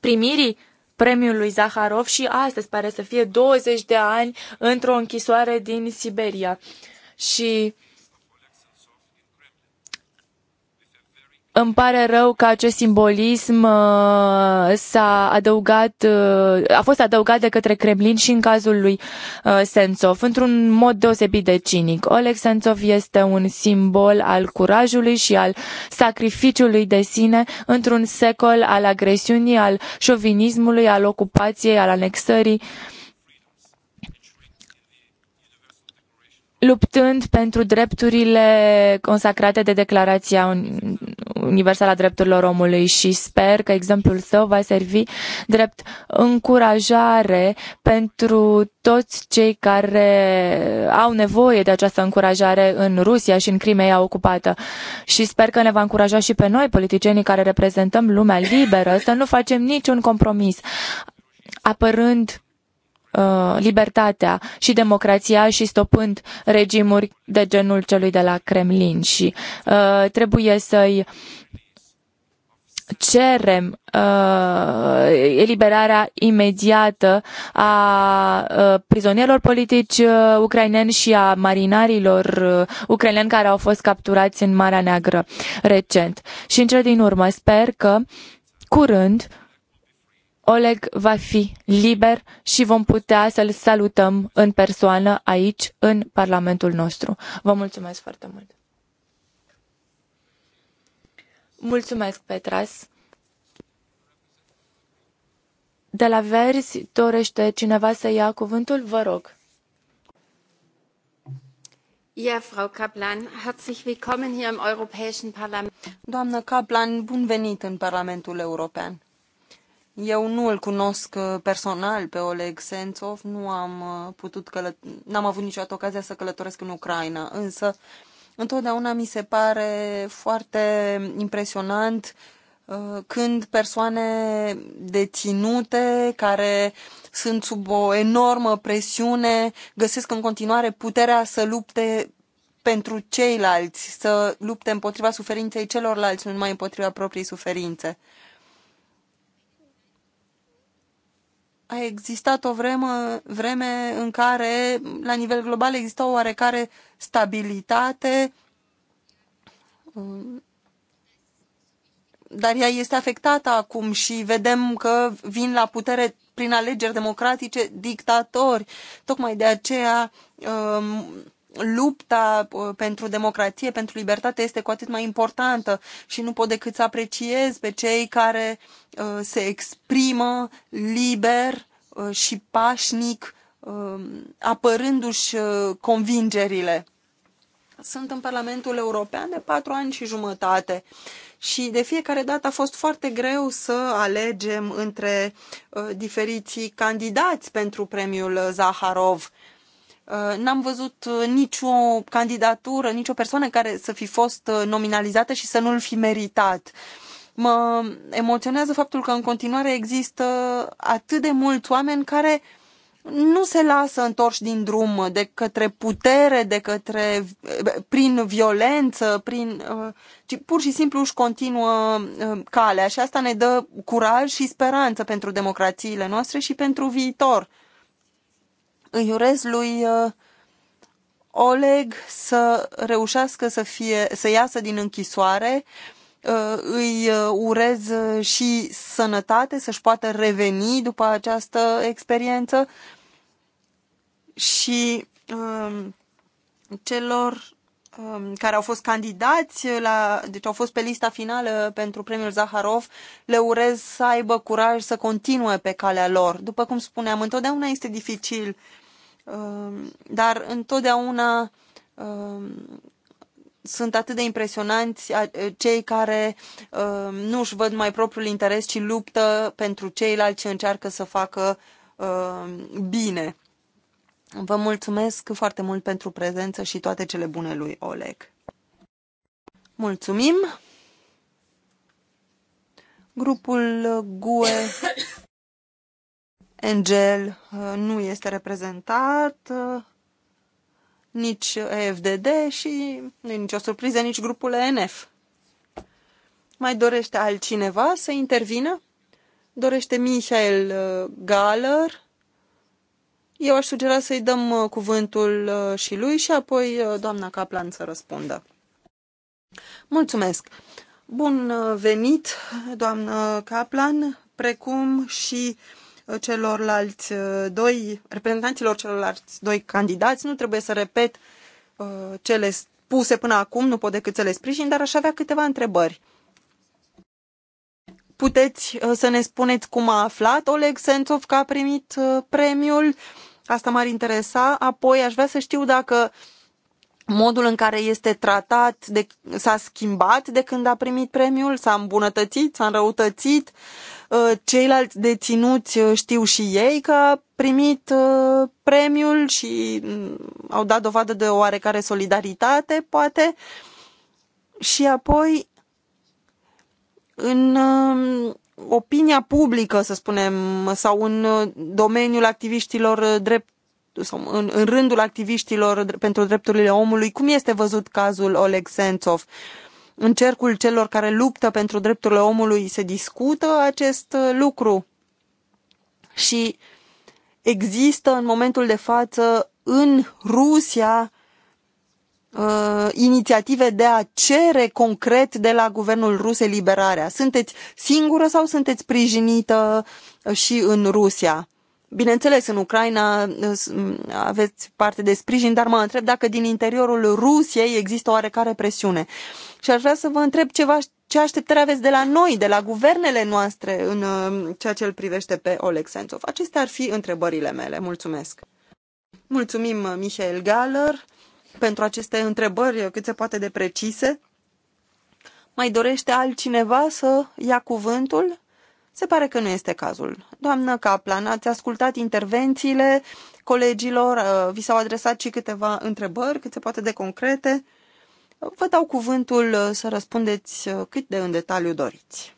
primirii premiul lui Zaharov și astăzi pare să fie 20 de ani într-o închisoare din Siberia. Și Îmi pare rău că acest simbolism uh, s-a adăugat, uh, a fost adăugat de către Kremlin și în cazul lui uh, Sentsov, într-un mod deosebit de cinic. Oleg Sentsov este un simbol al curajului și al sacrificiului de sine într-un secol al agresiunii, al șovinismului, al ocupației, al anexării. Uh, luptând pentru drepturile consacrate de Declarația Universală a Drepturilor Omului și sper că exemplul său va servi drept încurajare pentru toți cei care au nevoie de această încurajare în Rusia și în Crimea ocupată. Și sper că ne va încuraja și pe noi, politicienii care reprezentăm lumea liberă, să nu facem niciun compromis, apărând Uh, libertatea și democrația și stopând regimuri de genul celui de la Kremlin și uh, trebuie să-i cerem uh, eliberarea imediată a uh, prizonierilor politici uh, ucraineni și a marinarilor uh, ucraineni care au fost capturați în Marea Neagră recent. Și în cele din urmă sper că curând Oleg va fi liber și vom putea să-l salutăm în persoană aici, în Parlamentul nostru. Vă mulțumesc foarte mult! Mulțumesc, Petras! De la Verzi dorește cineva să ia cuvântul? Vă rog! Ja, Frau Kaplan, herzlich willkommen hier im Europäischen Parlament. Doamnă Kaplan, bun venit în Parlamentul European. Eu nu îl cunosc uh, personal pe Oleg Sentsov, nu am uh, putut călă... n-am avut niciodată ocazia să călătoresc în Ucraina, însă întotdeauna mi se pare foarte impresionant uh, când persoane deținute care sunt sub o enormă presiune găsesc în continuare puterea să lupte pentru ceilalți, să lupte împotriva suferinței celorlalți, nu numai împotriva propriei suferințe. a existat o vreme, vreme în care, la nivel global, exista o oarecare stabilitate, um, dar ea este afectată acum și vedem că vin la putere prin alegeri democratice dictatori. Tocmai de aceea um, lupta uh, pentru democrație, pentru libertate este cu atât mai importantă și nu pot decât să apreciez pe cei care uh, se exprimă liber uh, și pașnic, apărându-și convingerile. Sunt în Parlamentul European de patru ani și jumătate și de fiecare dată a fost foarte greu să alegem între diferiții candidați pentru premiul Zaharov. Uh, Uh, n-am văzut uh, nicio candidatură, nicio persoană care să fi fost uh, nominalizată și să nu-l fi meritat. Mă emoționează faptul că în continuare există atât de mulți oameni care nu se lasă întorși din drum de către putere, de către prin violență, prin, ci pur și simplu își continuă calea și asta ne dă curaj și speranță pentru democrațiile noastre și pentru viitor. Îi urez lui uh, Oleg să reușească să, fie, să iasă din închisoare, uh, îi uh, urez și sănătate, să-și poată reveni după această experiență și um, celor Um, care au fost candidați, la, deci au fost pe lista finală pentru premiul Zaharov, le urez să aibă curaj să continue pe calea lor. După cum spuneam, întotdeauna este dificil, um, dar întotdeauna um, sunt atât de impresionanți cei care nu își văd mai propriul interes, ci luptă pentru ceilalți ce încearcă să facă bine. Vă mulțumesc foarte mult pentru prezență și toate cele bune lui Oleg. Mulțumim! Grupul GUE Angel nu este reprezentat, nici EFDD și nu e nicio surpriză, nici grupul ENF. Mai dorește altcineva să intervină? Dorește Michael uh, Galler eu aș sugera să-i dăm uh, cuvântul uh, și lui și apoi uh, doamna Caplan să răspundă. Mulțumesc! Bun venit, doamnă Caplan, precum și celorlalți doi, reprezentanților celorlalți doi candidați. Nu trebuie să repet cele spuse până acum, nu pot decât să le sprijin, dar aș avea câteva întrebări. Puteți să ne spuneți cum a aflat Oleg Sentsov că a primit premiul? Asta m-ar interesa. Apoi aș vrea să știu dacă modul în care este tratat de, s-a schimbat de când a primit premiul, s-a îmbunătățit, s-a înrăutățit. Uh, ceilalți deținuți uh, știu și ei că a primit uh, premiul și mm, au dat dovadă de oarecare solidaritate, poate. Și apoi, în um, opinia publică, să spunem, sau în uh, domeniul activiștilor uh, drept sau în, în rândul activiștilor pentru drepturile omului, cum este văzut cazul Oleg Sentsov? În cercul celor care luptă pentru drepturile omului se discută acest uh, lucru și există în momentul de față în Rusia uh, inițiative de a cere concret de la guvernul rus eliberarea? Sunteți singură sau sunteți sprijinită uh, și în Rusia? Bineînțeles, în Ucraina uh, aveți parte de sprijin, dar mă întreb dacă din interiorul Rusiei există oarecare presiune. Și aș vrea să vă întreb ceva, ce așteptări aveți de la noi, de la guvernele noastre, în uh, ceea ce îl privește pe Oleg Sentsov. Acestea ar fi întrebările mele. Mulțumesc! Mulțumim, Michael Galler pentru aceste întrebări cât se poate de precise. Mai dorește altcineva să ia cuvântul? Se pare că nu este cazul. Doamnă Caplan, ați ascultat intervențiile colegilor, uh, vi s-au adresat și câteva întrebări, cât se poate de concrete. Vă dau cuvântul uh, să răspundeți uh, cât de în detaliu doriți.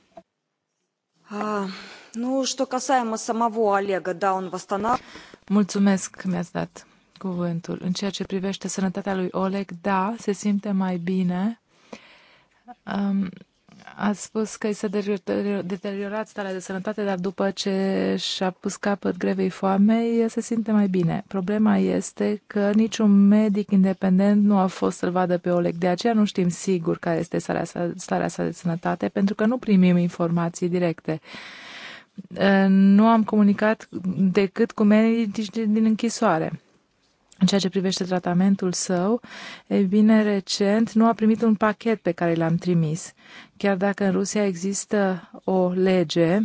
Ah, nu știu ca să am самого alegă, da, un восстанавливает. Mulțumesc că mi-ați dat cuvântul. În ceea ce privește sănătatea lui Oleg, da, se simte mai bine. Um, a spus că i s-a deteriorat starea de sănătate, dar după ce și-a pus capăt grevei foamei, se simte mai bine. Problema este că niciun medic independent nu a fost să-l vadă pe Oleg, de aceea nu știm sigur care este starea sa, starea sa de sănătate, pentru că nu primim informații directe. Uh, nu am comunicat decât cu medici din închisoare în ceea ce privește tratamentul său, e bine, recent nu a primit un pachet pe care l-am trimis. Chiar dacă în Rusia există o lege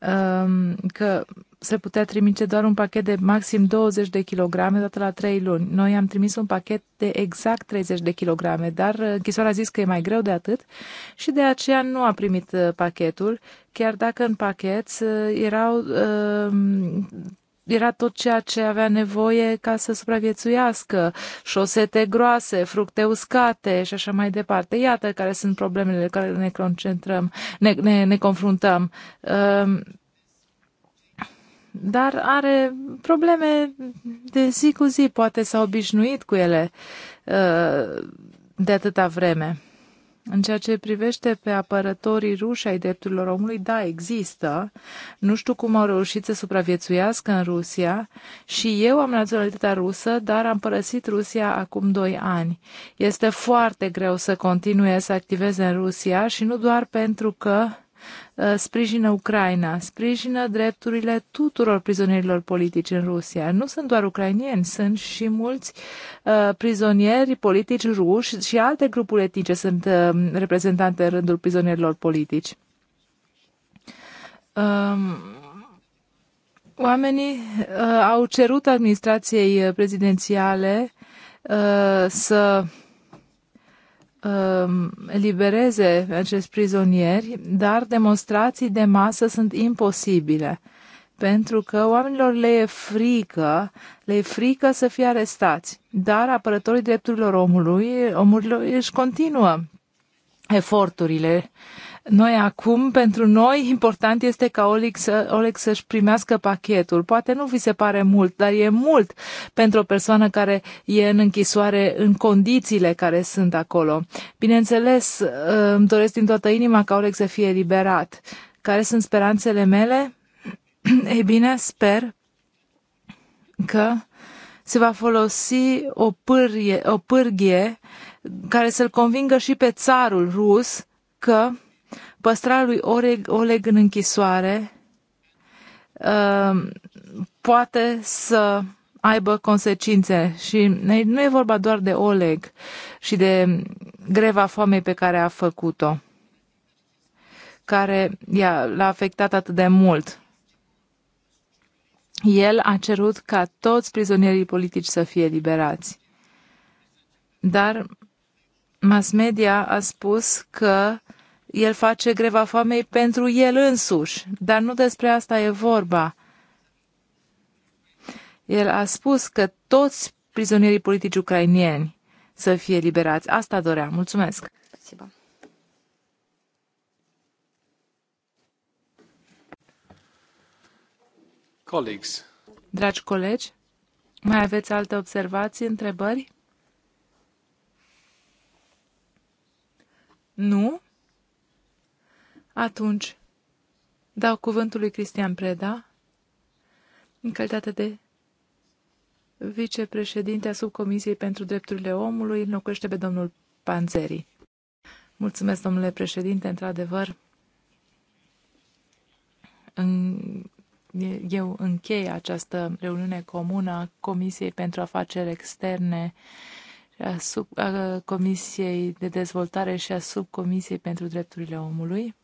um, că se putea trimite doar un pachet de maxim 20 de kilograme dată la 3 luni. Noi am trimis un pachet de exact 30 de kilograme, dar uh, închisoarea a zis că e mai greu de atât și de aceea nu a primit uh, pachetul, chiar dacă în pachet uh, erau um, era tot ceea ce avea nevoie ca să supraviețuiască, șosete groase, fructe uscate și așa mai departe. Iată care sunt problemele care ne concentrăm, ne, ne, ne confruntăm. Ehm, dar are probleme de zi cu zi, poate s-a obișnuit cu ele ehm, de atâta vreme. În ceea ce privește pe apărătorii ruși ai drepturilor omului, da, există. Nu știu cum au reușit să supraviețuiască în Rusia și eu am naționalitatea rusă, dar am părăsit Rusia acum doi ani. Este foarte greu să continue să activeze în Rusia și nu doar pentru că Uh, sprijină Ucraina, sprijină drepturile tuturor prizonierilor politici în Rusia. Nu sunt doar ucrainieni, sunt și mulți uh, prizonieri politici ruși și alte grupuri etnice sunt uh, reprezentante în rândul prizonierilor politici. Um, oamenii au cerut administrației prezidențiale să Um, elibereze acești prizonieri, dar demonstrații de masă sunt imposibile, pentru că oamenilor le e frică, le e frică să fie arestați. Dar apărătorii drepturilor omului, omului își continuă eforturile. Noi acum, pentru noi, important este ca Oleg, să, Oleg să-și primească pachetul. Poate nu vi se pare mult, dar e mult pentru o persoană care e în închisoare în condițiile care sunt acolo. Bineînțeles, îmi doresc din toată inima ca Oleg să fie eliberat. Care sunt speranțele mele? Ei bine, sper că se va folosi o, pârie, o pârghie care să-l convingă și pe țarul rus că păstrarea lui Oleg, Oleg în închisoare uh, poate să aibă consecințe. Și nu e vorba doar de Oleg și de greva foamei pe care a făcut-o, care l-a afectat atât de mult. El a cerut ca toți prizonierii politici să fie liberați. Dar mass media a spus că el face greva foamei pentru el însuși, dar nu despre asta e vorba. El a spus că toți prizonierii politici ucrainieni să fie liberați. Asta dorea. Mulțumesc. Colegi. Dragi colegi, mai aveți alte observații, întrebări? Nu? Atunci, dau cuvântul lui Cristian Preda, în calitate de vicepreședinte a Subcomisiei pentru Drepturile Omului, înlocuiește pe domnul Panzeri. Mulțumesc, domnule președinte, într-adevăr. În, eu închei această reuniune comună a Comisiei pentru Afaceri Externe a sub, a Comisiei de Dezvoltare și a Subcomisiei pentru Drepturile Omului,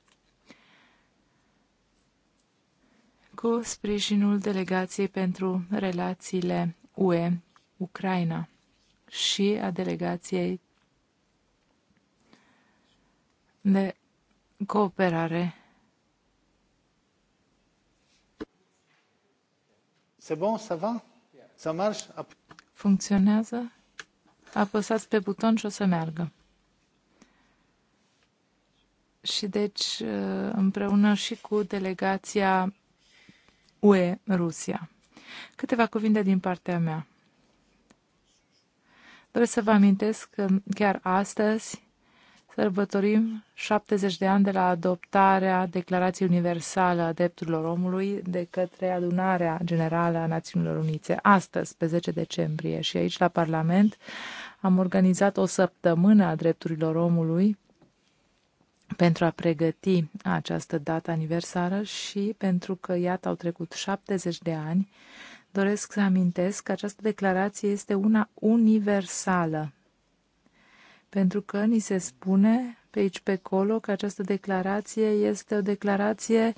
cu sprijinul Delegației pentru Relațiile UE-Ucraina și a Delegației de Cooperare. C'est bon, ça va? Ça marche? Funcționează? Apăsați pe buton și o să meargă. Și deci uh, împreună și cu delegația UE Rusia. Câteva cuvinte din partea mea. Doresc să vă amintesc că chiar astăzi sărbătorim 70 de ani de la adoptarea Declarației Universală a Drepturilor Omului de către Adunarea Generală a Națiunilor Unite, astăzi, pe 10 decembrie. Și aici, la Parlament, am organizat o săptămână a drepturilor omului pentru a pregăti această dată aniversară și pentru că, iată, au trecut 70 de ani, doresc să amintesc că această declarație este una universală pentru că ni se spune pe aici, pe acolo, că această declarație este o declarație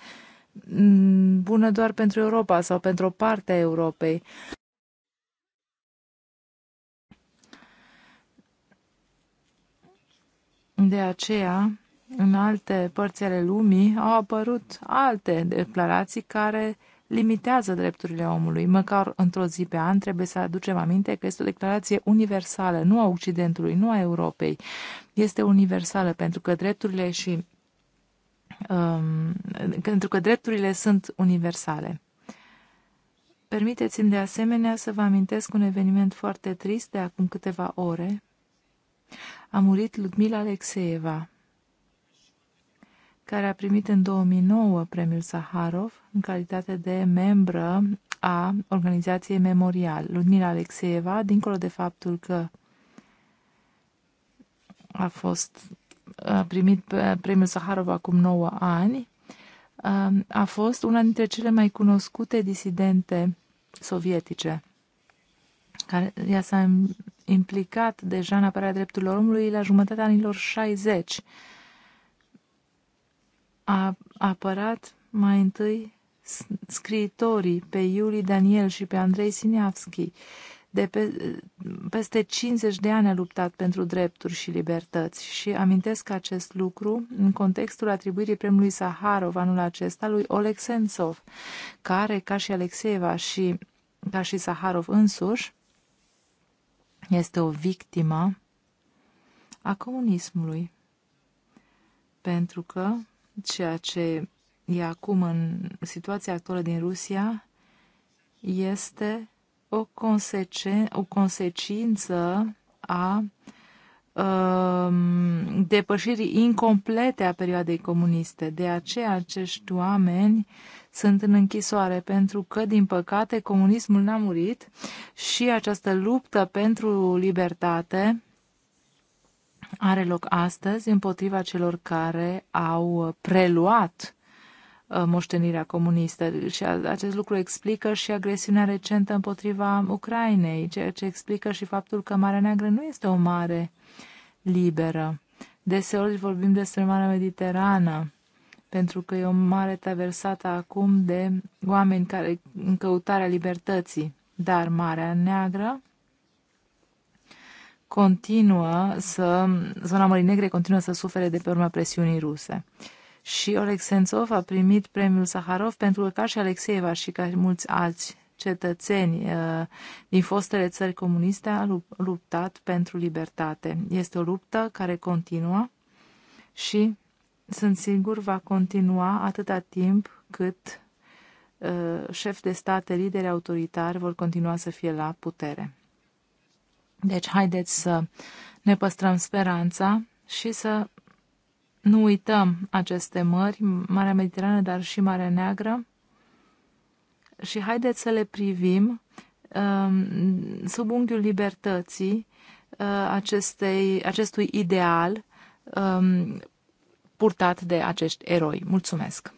mm, bună doar pentru Europa sau pentru o parte a Europei. De aceea, în alte părți ale lumii au apărut alte declarații care limitează drepturile omului. Măcar într-o zi pe an trebuie să aducem aminte că este o declarație universală, nu a Occidentului, nu a Europei. Este universală pentru că drepturile și um, pentru că drepturile sunt universale. Permiteți-mi de asemenea să vă amintesc un eveniment foarte trist de acum câteva ore. A murit Ludmila Alexeeva, care a primit în 2009 premiul Saharov în calitate de membră a organizației Memorial. Ludmila Alexeeva, dincolo de faptul că a fost a primit premiul Saharov acum 9 ani, um, a fost una dintre cele mai cunoscute disidente sovietice. Care, ea s-a implicat deja în apărarea drepturilor omului la jumătatea anilor 60 a apărat mai întâi scriitorii pe Iuli Daniel și pe Andrei Sinevski De pe, peste 50 de ani a luptat pentru drepturi și libertăți și amintesc acest lucru în contextul atribuirii premiului Saharov anul acesta lui Oleg Sentsov, care, ca și Alexeva și ca și Saharov însuși, este o victimă a comunismului. Pentru că Ceea ce e acum în situația actuală din Rusia este o, consecin o consecință a um, depășirii incomplete a perioadei comuniste. De aceea acești oameni sunt în închisoare, pentru că, din păcate, comunismul n-a murit și această luptă pentru libertate are loc astăzi împotriva celor care au preluat uh, moștenirea comunistă și acest lucru explică și agresiunea recentă împotriva Ucrainei, ceea ce explică și faptul că Marea Neagră nu este o mare liberă. Deseori vorbim despre Marea Mediterană, pentru că e o mare traversată acum de oameni care în căutarea libertății, dar Marea Neagră continuă să, zona Mării Negre continuă să sufere de pe urma presiunii ruse. Și Oleg Sentsov a primit premiul Saharov pentru că ca și Alexeeva și ca și mulți alți cetățeni uh, din fostele țări comuniste a luptat pentru libertate. Este o luptă care continuă și sunt sigur va continua atâta timp cât uh, șef de state, lideri autoritari vor continua să fie la putere. Deci, haideți să ne păstrăm speranța și să nu uităm aceste mări, Marea Mediterană, dar și Marea Neagră, și haideți să le privim uh, sub unghiul libertății uh, acestei, acestui ideal um, purtat de acești eroi. Mulțumesc!